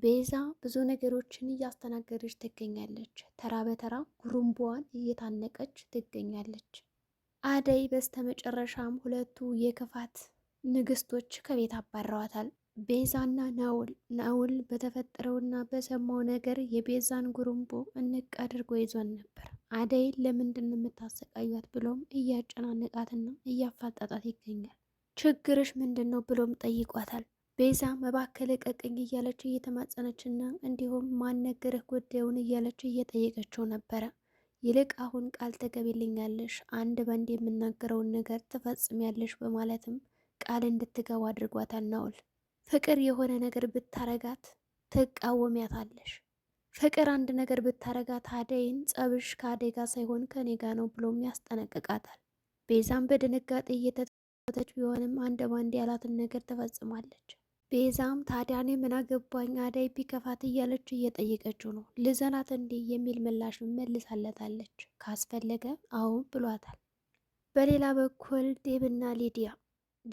ቤዛ ብዙ ነገሮችን እያስተናገደች ትገኛለች። ተራ በተራ ጉሩምቧን እየታነቀች ትገኛለች። አደይ በስተመጨረሻም ሁለቱ የክፋት ንግስቶች ከቤት አባረዋታል። ቤዛና ናውል ናውል በተፈጠረውና በሰማው ነገር የቤዛን ጉሩምቦ እንቅ አድርጎ ይዟን ነበር። አደይ ለምንድን የምታሰቃያት ብሎም እያጨናነቃትና እያፋጣጣት ይገኛል። ችግርሽ ምንድን ነው ብሎም ጠይቋታል። ቤዛ መባከለ ቀቅኝ እያለች እየተማጸነችና እንዲሁም ማነገርህ ጉዳዩን እያለች እየጠየቀችው ነበረ። ይልቅ አሁን ቃል ተገቢልኛለሽ፣ አንድ በአንድ የምናገረውን ነገር ትፈጽሚያለሽ በማለትም ቃል እንድትገቡ አድርጓት አናውል ፍቅር የሆነ ነገር ብታረጋት ትቃወሚያታለሽ። ፍቅር አንድ ነገር ብታረጋት አደይን ጸብሽ ከአደይ ጋር ሳይሆን ከኔ ጋ ነው ብሎም ያስጠነቅቃታል። ቤዛም በድንጋጤ እየተተች ቢሆንም አንድ ባንድ ያላትን ነገር ትፈጽማለች። ቤዛም ታዲያ እኔ ምን አገባኝ አደይ ቢከፋት እያለች እየጠየቀችው ነው። ልዘናት እንዲህ የሚል ምላሽ መልሳለታለች። ካስፈለገ አሁን ብሏታል። በሌላ በኩል ዴብና ሊዲያ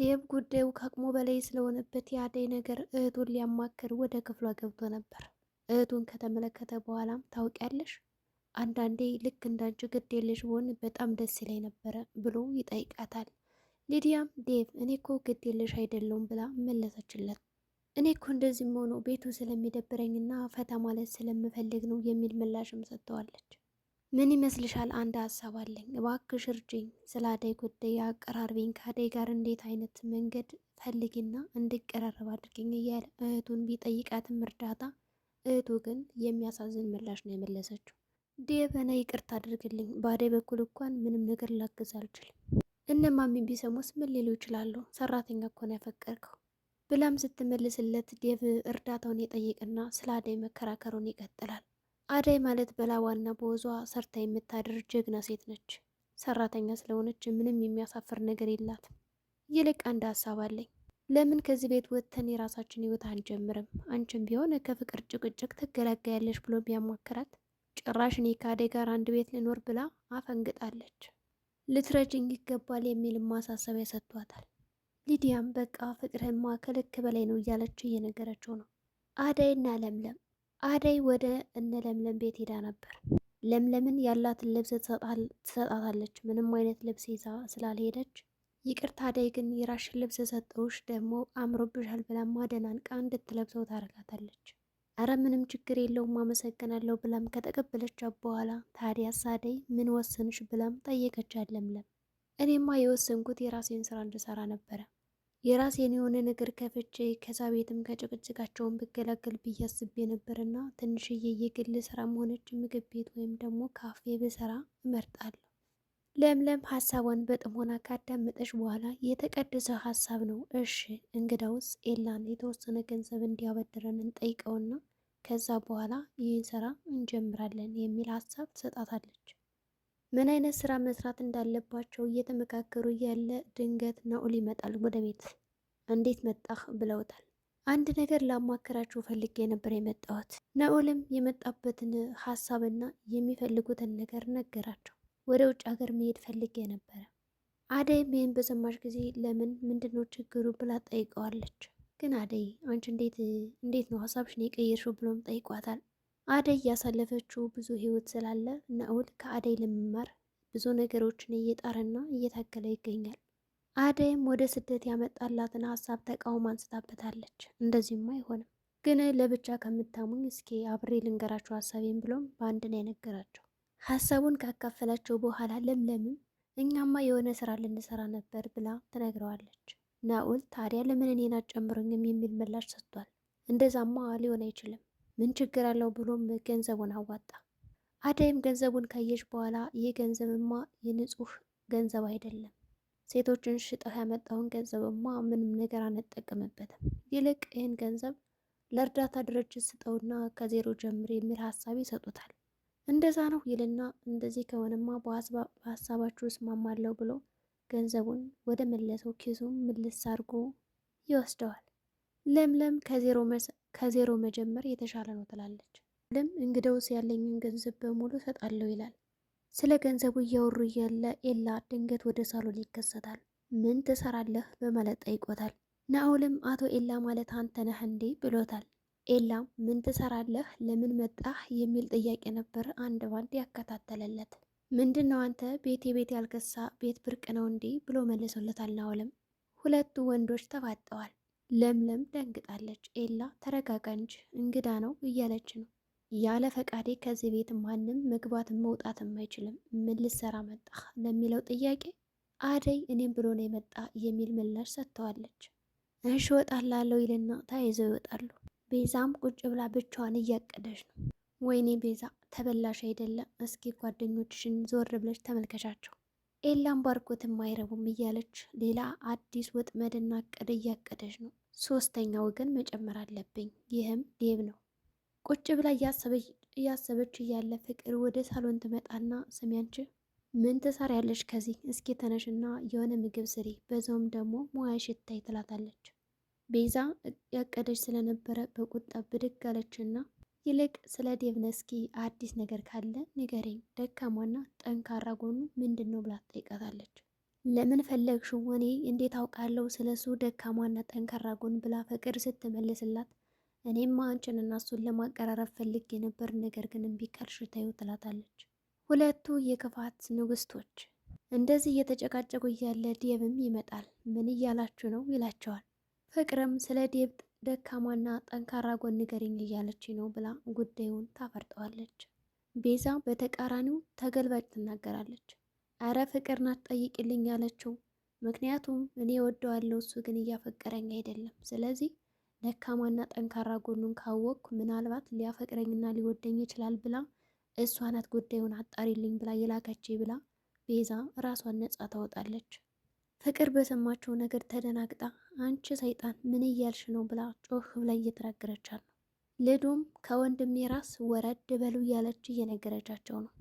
ዴብ ጉዳዩ ከአቅሞ በላይ ስለሆነበት የአደይ ነገር እህቱን ሊያማክር ወደ ክፍሏ ገብቶ ነበር። እህቱን ከተመለከተ በኋላም ታውቂያለሽ፣ አንዳንዴ ልክ እንዳንቺ ግድ የለሽ ብሆን በጣም ደስ ይለኝ ነበረ ብሎ ይጠይቃታል። ሊዲያም ዴቭ እኔ እኮ ግድ የለሽ አይደለውም ብላ መለሰችለት። እኔ እኮ እንደዚህ መሆኑ ቤቱ ስለሚደብረኝና ፈታ ማለት ስለምፈልግ ነው የሚል ምላሽም ሰጥተዋለች። ምን ይመስልሻል? አንድ ሀሳብ አለኝ፣ እባክሽ እርጅኝ። ስለ አደይ ጉዳይ አቀራርቢኝ፣ ከአደይ ጋር እንዴት አይነት መንገድ ፈልጊና እንድቀራረብ አድርገኝ እያለ እህቱን ቢጠይቃትም እርዳታ እህቱ ግን የሚያሳዝን ምላሽ ነው የመለሰችው። ዴቨና ይቅርታ አድርግልኝ፣ በአደይ በኩል እንኳን ምንም ነገር ላግዝ አልችልም። እነማሚ ቢሰሙስ ምን ሊሉ ይችላሉ? ሰራተኛ እኮ ነው ያፈቀርከው ብላም ስትመልስለት ዴቭ እርዳታውን ይጠይቅና ስለ አዳይ መከራከሩን ይቀጥላል። አዳይ ማለት በላቧና በወዟ ሰርታ የምታድር ጀግና ሴት ነች። ሰራተኛ ስለሆነች ምንም የሚያሳፍር ነገር የላት። ይልቅ አንድ ሀሳብ አለኝ። ለምን ከዚህ ቤት ወጥተን የራሳችን ህይወት አንጀምርም? አንቺም ቢሆን ከፍቅር ጭቅጭቅ ትገላገያለሽ ብሎ ቢያማከራት ጭራሽ እኔ ከአዳይ ጋር አንድ ቤት ልኖር ብላ አፈንግጣለች። ልትረጅኝ ይገባል የሚል ማሳሰቢያ ሰጥቷታል። ሊዲያም በቃ ፍቅርህማ ከልክ በላይ ነው እያለችው እየነገረችው ነው። እና ለምለም አደይ ወደ እነ ለምለም ቤት ሄዳ ነበር። ለምለምን ያላትን ልብስ ትሰጣታለች። ምንም አይነት ልብስ ይዛ ስላልሄደች ይቅርታ፣ አደይ ግን የራሽን ልብስ ሰጠውሽ ደግሞ አምሮብሻል ብላ ማደናንቃ እንድትለብሰው ታደርጋታለች። አረ ምንም ችግር የለውም አመሰግናለሁ ብላም ከተቀበለቻት በኋላ ታዲያስ አደይ ምን ወሰንሽ ብላም ጠየቀቻት ለምለም እኔማ የወሰንኩት የራሴን ስራ እንድሰራ ነበረ። የራሴን የሆነ ነገር ከፍቼ ከዛ ቤትም ከጭቅጭቃቸውን ብገላገል ብዬ አስቤ ነበርና ትንሽዬ የግል ስራም ሆነች ምግብ ቤት ወይም ደግሞ ካፌ ብሰራ እመርጣለሁ። ለምለም ሀሳቧን በጥሞና ካዳመጠች በኋላ የተቀደሰ ሀሳብ ነው፣ እሺ እንግዳውስ ኤላን የተወሰነ ገንዘብ እንዲያበድረን እንጠይቀውና ከዛ በኋላ ይህን ስራ እንጀምራለን የሚል ሀሳብ ትሰጣታለች። ምን አይነት ስራ መስራት እንዳለባቸው እየተመካከሩ ያለ ድንገት ናኦል ይመጣል ወደ ቤት። እንዴት መጣህ ብለውታል። አንድ ነገር ላማከራችሁ ፈልጌ ነበር የመጣሁት። ናኦልም የመጣበትን ሀሳብና የሚፈልጉትን ነገር ነገራቸው። ወደ ውጭ ሀገር መሄድ ፈልጌ ነበረ። አደይም ይህን በሰማች ጊዜ ለምን ምንድነው ችግሩ ብላ ጠይቀዋለች። ግን አደይ አንቺ እንዴት እንዴት ነው ሀሳብሽን የቀየርሽው ብሎም ጠይቋታል። አደይ ያሳለፈችው ብዙ ህይወት ስላለ ናኦል ከአደይ ለመማር ብዙ ነገሮችን እየጣረና እየታገለ ይገኛል። አደይም ወደ ስደት ያመጣላትን ሀሳብ ተቃውሞ አንስታበታለች። እንደዚህም አይሆንም ግን ለብቻ ከምታሙኝ እስኪ አብሬ ልንገራቸው ሀሳቤን ብሎም በአንድ ነው የነገራቸው። ሀሳቡን ካካፈላቸው በኋላ ለምለምም እኛማ የሆነ ስራ ልንሰራ ነበር ብላ ትነግረዋለች። ናኦል ታዲያ ለምን እኔን ጨምሮኝም የሚል ምላሽ ሰጥቷል። እንደዛማ ሊሆን አይችልም ምን ችግር አለው ብሎም ገንዘቡን አዋጣ። አዳይም ገንዘቡን ካየች በኋላ ይህ ገንዘብማ የንጹህ ገንዘብ አይደለም፣ ሴቶችን ሽጠህ ያመጣውን ገንዘብማ ምንም ነገር አንጠቀምበትም፣ ይልቅ ይህን ገንዘብ ለእርዳታ ድርጅት ስጠውና ከዜሮ ጀምር የሚል ሀሳብ ይሰጡታል። እንደዛ ነው ይልና እንደዚህ ከሆነማ በሀሳባችሁ እስማማለሁ ብሎ ገንዘቡን ወደ መለሰው ኪሱ ምልስ አድርጎ ይወስደዋል። ለምለም ከዜሮ ከዜሮ መጀመር የተሻለ ነው ትላለች። ልም እንግደውስ ያለኝን ገንዘብ በሙሉ እሰጣለሁ ይላል። ስለ ገንዘቡ እያወሩ እያለ ኤላ ድንገት ወደ ሳሎን ይከሰታል። ምን ትሰራለህ በማለት ጠይቆታል። ናኦልም አቶ ኤላ ማለት አንተ ነህ እንዴ ብሎታል። ኤላም ምን ትሰራለህ፣ ለምን መጣህ የሚል ጥያቄ ነበር አንድ ባንድ ያከታተለለት። ምንድን ነው አንተ ቤቴ የቤት ያልገሳ ቤት ብርቅ ነው እንዴ ብሎ መልሶለታል ናኦልም። ሁለቱ ወንዶች ተፋጠዋል። ለምለም ደንግጣለች። ኤላ ተረጋጋ እንጂ እንግዳ ነው እያለች ነው። ያለ ፈቃዴ ከዚህ ቤት ማንም መግባትም መውጣትም አይችልም። ምን ልሰራ መጣ ለሚለው ጥያቄ አደይ እኔም ብሎ ነው የመጣ የሚል ምላሽ ሰጥተዋለች። እሺ እወጣላለሁ ይልና ተያይዘው ይወጣሉ። ቤዛም ቁጭ ብላ ብቻዋን እያቀደች ነው። ወይኔ ቤዛ ተበላሽ አይደለም። እስኪ ጓደኞችሽን ዞር ብለሽ ተመልከቻቸው። ኤላም ባርኮትም አይረቡም እያለች ሌላ አዲስ ወጥመድና እቅድ እያቀደች ነው። ሶስተኛ ወገን መጨመር አለብኝ፣ ይህም ዴብ ነው። ቁጭ ብላ እያሰበች እያለ ፍቅር ወደ ሳሎን ትመጣና ስሚ ምን ምን ትሰሪያለሽ ከዚህ? እስኪ ተነሽና የሆነ ምግብ ስሪ፣ በዛውም ደግሞ ሙያሽ ይታይ ትላታለች። ቤዛ ያቀደች ስለነበረ በቁጣ ብድግ አለችና ይልቅ ስለ ዴቭን እስኪ አዲስ ነገር ካለ ንገረኝ፣ ደካማና ጠንካራ ጎኑ ምንድን ነው ብላ ትጠይቃታለች። ለምን ፈለግሽው? እኔ እንዴት አውቃለሁ ስለሱ ደካማና ጠንካራ ጎን ብላ ፍቅር ስትመልስላት፣ እኔም አንቺን እና እሱን ለማቀራረብ ፈልግ የነበር ነገር ግን እምቢ ካልሽ ተይው ትላታለች። ሁለቱ የክፋት ንግስቶች እንደዚህ እየተጨቃጨቁ እያለ ዴቭም ይመጣል። ምን እያላችሁ ነው ይላቸዋል። ፍቅርም ስለ ዴቭ ደካማና ጠንካራ ጎን ንገረኝ እያለች ነው ብላ ጉዳዩን ታፈርጠዋለች። ቤዛ በተቃራኒው ተገልባጭ ትናገራለች። አረ ፍቅር ናት ጠይቅልኝ ያለችው ምክንያቱም እኔ ወደዋለሁ እሱ ግን እያፈቀረኝ አይደለም። ስለዚህ ደካማና ጠንካራ ጎኑን ካወቅኩ ምናልባት ሊያፈቅረኝና ሊወደኝ ይችላል ብላ እሷ ናት ጉዳዩን አጣሪልኝ ብላ የላከች ብላ ቤዛ ራሷን ነጻ ታወጣለች። ፍቅር በሰማቸው ነገር ተደናግጣ አንቺ ሰይጣን ምን እያልሽ ነው ብላ ጮህ ብላ እየተናገረቻት ነው። ልዱም ከወንድሜ ራስ ወረድ በሉ እያለች እየነገረቻቸው ነው።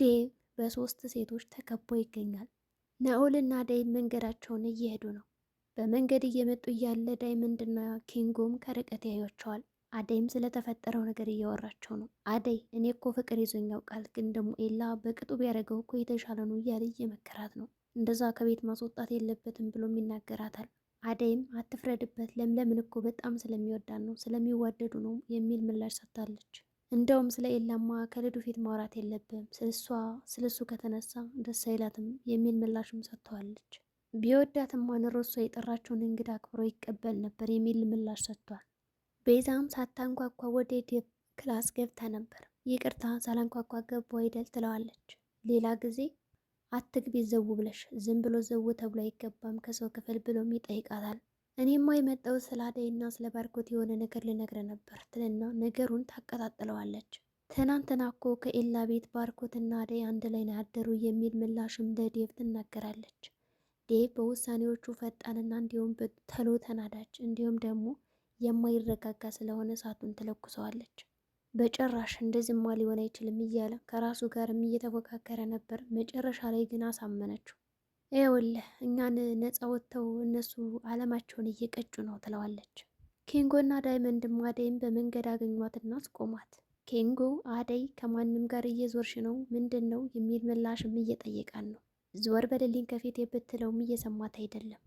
ዴቭ በሶስት ሴቶች ተከቦ ይገኛል። ናኦልና ዳይ መንገዳቸውን እየሄዱ ነው። በመንገድ እየመጡ እያለ ዳይመንድና ኪንጎም ከርቀት ያዩቸዋል። አደይም ስለተፈጠረው ነገር እያወራቸው ነው። አደይ እኔ እኮ ፍቅር ይዞኝ ያውቃል፣ ግን ደግሞ ኤላ በቅጡ ቢያደርገው እኮ የተሻለ ነው እያለ እየመከራት ነው። እንደዛ ከቤት ማስወጣት የለበትም ብሎም ይናገራታል። አደይም አትፍረድበት፣ ለምለምን እኮ በጣም ስለሚወዳን ነው ስለሚዋደዱ ነው የሚል ምላሽ ሰጥታለች። እንደውም ስለ ኤላማ ከልዱ ፊት ማውራት የለብም ስለሷ ስለሱ ከተነሳ ደስ አይላትም የሚል ምላሽም ሰጥተዋለች። ቢወዳትም ሆነ ሮሷ የጠራቸውን እንግዳ አክብሮ ይቀበል ነበር የሚል ምላሽ ሰጥቷል። ቤዛም ሳታንኳኳ ወደ ዴቭ ክላስ ገብታ ነበር። ይቅርታ ሳላንኳኳ ገቡ አይደል ትለዋለች። ሌላ ጊዜ አትግቢ ዘው ብለሽ ዝም ብሎ ዘው ተብሎ አይገባም ከሰው ክፍል ብሎም ይጠይቃታል። እኔማ የመጣው ስለ አደይና ስለ ባርኮት የሆነ ነገር ልነግረ ነበር ትልና ነገሩን ታቀጣጥለዋለች። ትናንትና እኮ ከኤላ ቤት ባርኮትና አደይ አንድ ላይ ነው ያደሩ የሚል ምላሽም ለዴቭ ትናገራለች። ዴቭ በውሳኔዎቹ ፈጣንና እንዲሁም ተሎ ተናዳጅ እንዲሁም ደግሞ የማይረጋጋ ስለሆነ እሳቱን ትለኩሰዋለች። በጭራሽ እንደዚህማ ሊሆን አይችልም እያለ ከራሱ ጋርም እየተፎካከረ ነበር። መጨረሻ ላይ ግን አሳመነችው። ይኸውልህ እኛን ነፃ ወጥተው እነሱ አለማቸውን እየቀጩ ነው ትለዋለች። ኪንጎና ዳይመንድም አደይም በመንገድ አገኟትና አስቆሟት። ኬንጎ አደይ ከማንም ጋር እየዞርሽ ነው ምንድን ነው የሚል ምላሽም እየጠየቃን ነው። ዞር በልልኝ ከፊት የብትለውም እየሰማት አይደለም።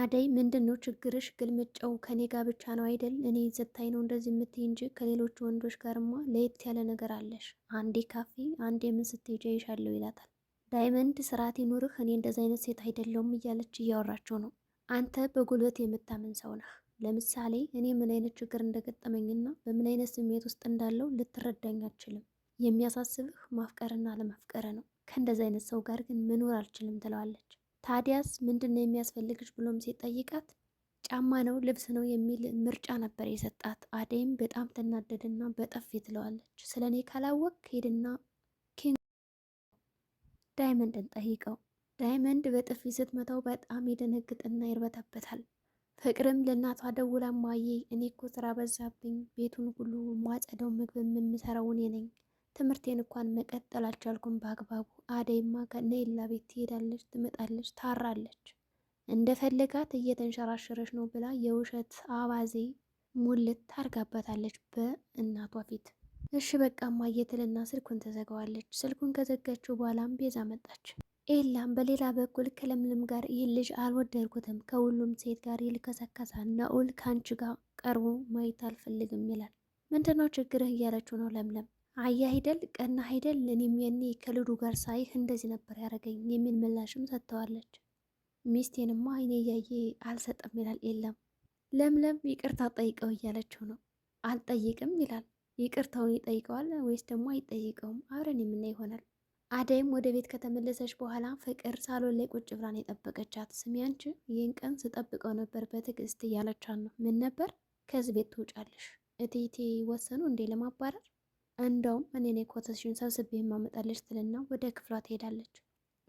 አደይ ምንድን ነው ችግርሽ? ግልምጫው ከኔ ጋር ብቻ ነው አይደል? እኔ ዘታይ ነው እንደዚህ የምትይ እንጂ ከሌሎች ወንዶች ጋርማ ለየት ያለ ነገር አለሽ። አንዴ ካፌ፣ አንዴ ምን ስትሄጂ ይሻለው ይላታል። ዳይመንድ ስርዓት ይኑርህ፣ እኔ እንደዚ አይነት ሴት አይደለውም እያለች እያወራቸው ነው። አንተ በጉልበት የምታምን ሰው ነህ። ለምሳሌ እኔ ምን አይነት ችግር እንደገጠመኝና በምን አይነት ስሜት ውስጥ እንዳለው ልትረዳኝ አልችልም። የሚያሳስብህ ማፍቀርና አለማፍቀር ነው። ከእንደዚህ አይነት ሰው ጋር ግን መኖር አልችልም ትለዋለች። ታዲያስ ምንድን ነው የሚያስፈልግሽ ብሎም ሲጠይቃት ጫማ ነው ልብስ ነው የሚል ምርጫ ነበር የሰጣት። አደይም በጣም ትናደድና በጠፊ ትለዋለች። ስለ እኔ ካላወቅ ሄድና ኪንግ ዳይመንድን ጠይቀው። ዳይመንድ በጥፊ ስትመታው በጣም ይደነግጥና ይርበተበታል። ፍቅርም ለእናቷ ደውላ ማዬ፣ እኔ እኮ ስራ በዛብኝ፣ ቤቱን ሁሉ ማጸደው፣ ምግብ የምሰራው እኔ ነኝ ትምህርቴን እንኳን መቀጠል አልቻልኩም በአግባቡ። አደይማ ከነኤላ ቤት ትሄዳለች፣ ትመጣለች፣ ታራለች፣ እንደፈለጋት እየተንሸራሸረች ነው ብላ የውሸት አባዜ ሙልት ታርጋባታለች በእናቷ ፊት። እሺ በቃ ማየትልና ስልኩን ተዘጋዋለች። ስልኩን ከዘጋችው በኋላም ቤዛ መጣች። ኤላም በሌላ በኩል ከለምለም ጋር ይህ ልጅ አልወደድኩትም፣ ከሁሉም ሴት ጋር ይልከሰከሳ፣ ናኡል ከአንቺ ጋር ቀርቦ ማየት አልፈልግም ይላል። ምንድነው ችግርህ እያለችው ነው ለምለም አያ ሂደል ቀና ሂደል እኔም የኔ ከልዱ ጋር ሳይህ እንደዚህ ነበር ያደረገኝ የሚል ምላሽም ሰጥተዋለች። ሚስቴንማ አይኔ እያየ አልሰጠም ይላል። የለም ለምለም ይቅርታ ጠይቀው እያለችው ነው። አልጠይቅም ይላል። ይቅርታውን ይጠይቀዋል ወይስ ደግሞ አይጠይቀውም? አብረን የምናይ ይሆናል። አደይም ወደ ቤት ከተመለሰች በኋላ ፍቅር ሳሎን ላይ ቁጭ ብላን የጠበቀቻት ስሚ፣ አንቺ ይህን ቀን ስጠብቀው ነበር በትዕግስት እያለቻት ነው። ምን ነበር ከዚህ ቤት ትውጫለሽ እቴቴ ወሰኑ እንዴ ለማባረር እንደውም እኔ ነኝ ኮተትሽን ሰብስቤ የማመጣልሽ ትልና ወደ ክፍሏ ትሄዳለች።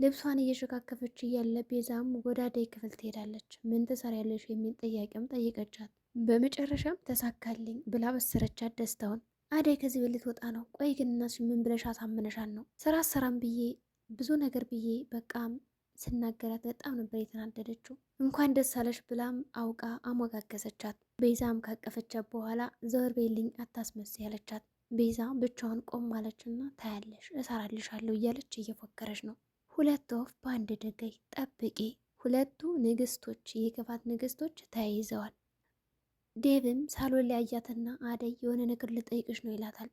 ልብሷን እየሸካከፈች እያለ ቤዛም ወደ አደይ ክፍል ትሄዳለች። ምን ትሰሪያለሽ የሚል ጥያቄም ጠይቀቻት፣ በመጨረሻም ተሳካልኝ ብላ በሰረቻት ደስታውን። አደይ ከዚህ በልት ወጣ ነው። ቆይ ግን እናትሽ ምን ብለሽ አሳመነሻል ነው? ስራ ሰራም ብዬ ብዙ ነገር ብዬ በቃም ስናገራት በጣም ነበር የተናደደችው። እንኳን ደስ አለሽ ብላም አውቃ አሞጋገሰቻት። ቤዛም ካቀፈቻት በኋላ ዘወር በይልኝ አታስመስ ያለቻት ቤዛ ብቻዋን ቆም ማለችና ታያለሽ፣ እሰራልሻለሁ እያለች እየፎከረች ነው። ሁለት ወፍ በአንድ ድንጋይ ጠብቂ። ሁለቱ ንግስቶች፣ የክፋት ንግስቶች ተያይዘዋል። ዴቭም ሳሎን ሊያያትና አደይ የሆነ ነገር ልጠይቅሽ ነው ይላታል።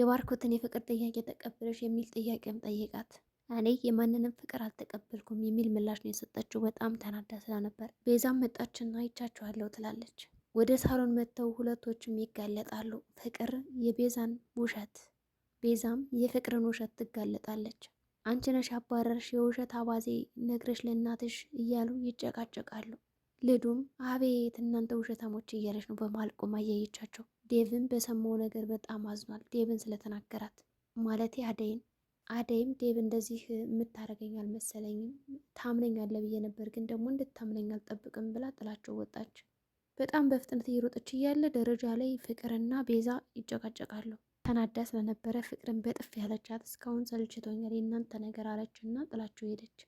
የባርኮትን የፍቅር ጥያቄ ተቀበለሽ የሚል ጥያቄም ጠይቃት አደይ የማንንም ፍቅር አልተቀበልኩም የሚል ምላሽ ነው የሰጠችው። በጣም ተናዳ ስለነበር ቤዛም መጣችና ይቻችኋለሁ ትላለች። ወደ ሳሎን መጥተው ሁለቶቹም ይጋለጣሉ። ፍቅር የቤዛን ውሸት፣ ቤዛም የፍቅርን ውሸት ትጋለጣለች። አንቺ ነሽ አባረርሽ፣ የውሸት አባዜ ነግረሽ ለእናትሽ እያሉ ይጨቃጨቃሉ። ልዱም አቤት እናንተ ውሸታሞች እያለች ነው በማልቆም አያየቻቸው። እያየቻቸው። ዴቭን በሰማው ነገር በጣም አዝኗል። ዴቭን ስለተናገራት ማለት አደይን አደይም ዴቭ እንደዚህ የምታደርገኝ አልመሰለኝም ታምነኛለህ ብዬ ነበር፣ ግን ደግሞ እንድታምነኝ አልጠብቅም ብላ ጥላቸው ወጣች። በጣም በፍጥነት እየሮጠች እያለ ደረጃ ላይ ፍቅርና ቤዛ ይጨቃጨቃሉ። ተናዳ ስለነበረ ፍቅርን በጥፍ ያለቻት እስካሁን ሰልችቶኛል የእናንተ ነገር አለችና ጥላቸው ሄደች።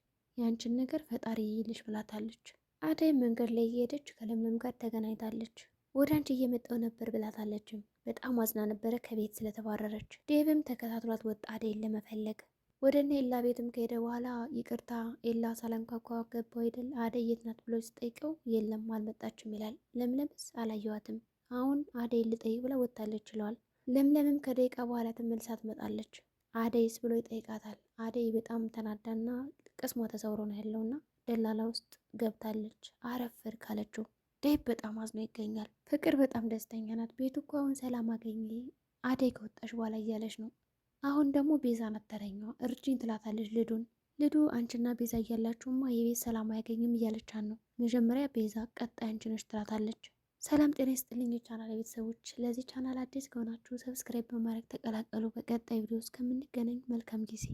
ያንችን ነገር ፈጣሪ ይልሽ ብላታለች። አደይ መንገድ ላይ እየሄደች ከለምለም ጋር ተገናኝታለች። ወደ አንቺ እየመጣው ነበር ብላታለችም። በጣም አዝና ነበረ ከቤት ስለተባረረች። ዴቭም ተከታትሏት ወጣ አደይን ለመፈለግ ወደ እነ ኤላ ቤትም ከሄደ በኋላ ይቅርታ ኤላ ሳላንኳኳ ገባው ይደል አደይ የት ናት ብሎ ስጠይቀው የለም አልመጣችም ይላል። ለምለምስ አላየዋትም አሁን አደይ ልጠይቅ ብላ ወጥታለች ይለዋል። ለምለምም ከደቂቃ በኋላ ትመልሳ ትመጣለች። አደይስ ብሎ ይጠይቃታል። አደይ በጣም ተናዳና ቅስሟ ተሰውሮ ነው ያለውና ደላላ ውስጥ ገብታለች አረፍር ካለችው ደይ በጣም አዝኖ ይገኛል። ፍቅር በጣም ደስተኛ ናት። ቤቱ እኮ አሁን ሰላም አገኘ አደይ ከወጣሽ በኋላ እያለች ነው አሁን ደግሞ ቤዛ መተረኛዋ እርጅኝ ትላታለች ልዱን። ልዱ አንቺና ቤዛ እያላችሁማ የቤት ሰላም አያገኝም እያለቻት ነው። መጀመሪያ ቤዛ ቀጣይ አንቺ ትላታለች። ሰላም ጤና ይስጥልኝ ቻናል ቤተሰቦች፣ ለዚህ ቻናል አዲስ ከሆናችሁ ሰብስክራይብ በማድረግ ተቀላቀሉ። በቀጣይ ቪዲዮ እስከምንገናኝ መልካም ጊዜ